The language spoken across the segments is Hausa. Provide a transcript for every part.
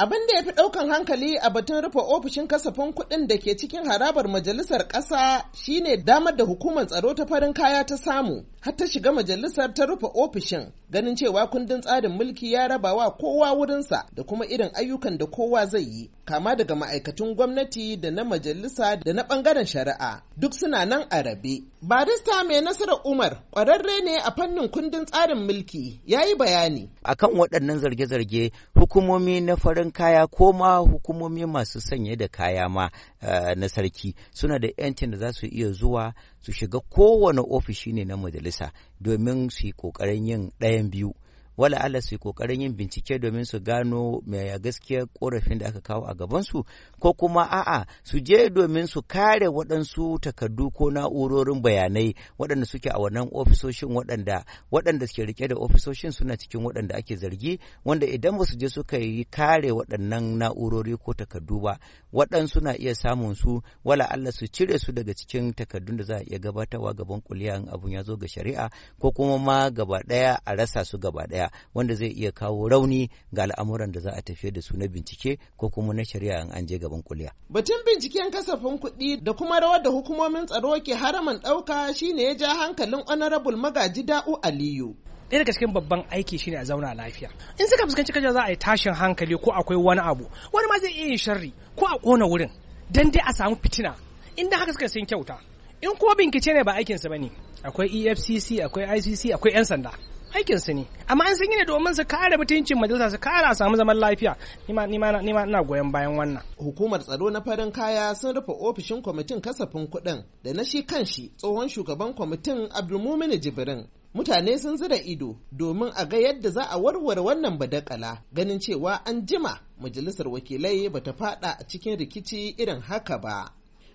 Abin da ya fi ɗaukan hankali a batun rufe ofishin kasafin kuɗin da ke cikin harabar majalisar ƙasa shine damar da hukumar tsaro ta farin kaya ta samu har ta shiga majalisar ta rufe ofishin ganin cewa kundin tsarin mulki ya raba wa kowa wurinsa da kuma irin ayyukan da kowa zai yi kama daga ma'aikatun gwamnati da na majalisa da na ɓangaren shari'a duk suna nan a rabe. Barista mai nasarar Umar ƙwararre ne a fannin kundin tsarin mulki ya yi bayani. Akan waɗannan zarge-zarge hukumomi na farin yan kaya ko ma hukumomi masu sanye da kaya ma eh, na sarki suna da yancin da za su iya zuwa su shiga kowane ofishi ne na majalisa domin su yi ƙoƙarin yin ɗayan biyu wala Allah su yi kokarin yin bincike domin su gano mai gaskiya korafin da aka kawo a gabansu ko kuma a'a su je domin su kare waɗansu takardu ko na'urorin bayanai waɗanda suke a wannan ofisoshin waɗanda waɗanda suke rike da ofisoshin suna cikin waɗanda ake zargi wanda idan ba su je suka yi kare waɗannan na'urori ko takardu ba waɗansu na iya samun su wala Allah su cire su daga cikin takardun da za a iya gabatarwa gaban kuliya in abun ya zo ga shari'a ko kuma ma gaba ɗaya a rasa su gaba ɗaya wanda zai iya kawo rauni ga al'amuran da za a tafiyar da su na bincike ko kuma na shari'a in an je gaban kuliya. Batun binciken kasafin kuɗi da kuma rawar da hukumomin tsaro ke haraman ɗauka shine ya ja hankalin honorable magaji da'u aliyu. ɗaya daga cikin babban aiki shine a zauna lafiya in suka fuskanci kaje za a yi tashin hankali ko akwai wani abu wani ma zai iya yin sharri ko a kona wurin dan dai a samu fitina inda haka suka sun kyauta in kuma bincike ne ba aikinsa ba ne akwai efcc akwai icc akwai 'yan sanda aikin su ne amma an san yi ne domin su kare mutuncin majalisa su kare a samu zaman lafiya ni ina goyon bayan wannan hukumar tsaro na farin kaya sun rufe ofishin kwamitin kasafin kuɗin da na shi kan shi tsohon shugaban kwamitin abdulmumin jibrin mutane sun zira ido domin a ga yadda za a warware wannan badakala ganin cewa an jima majalisar wakilai bata fada a cikin rikici irin haka ba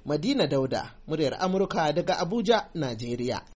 madina dauda muryar amurka daga abuja najeriya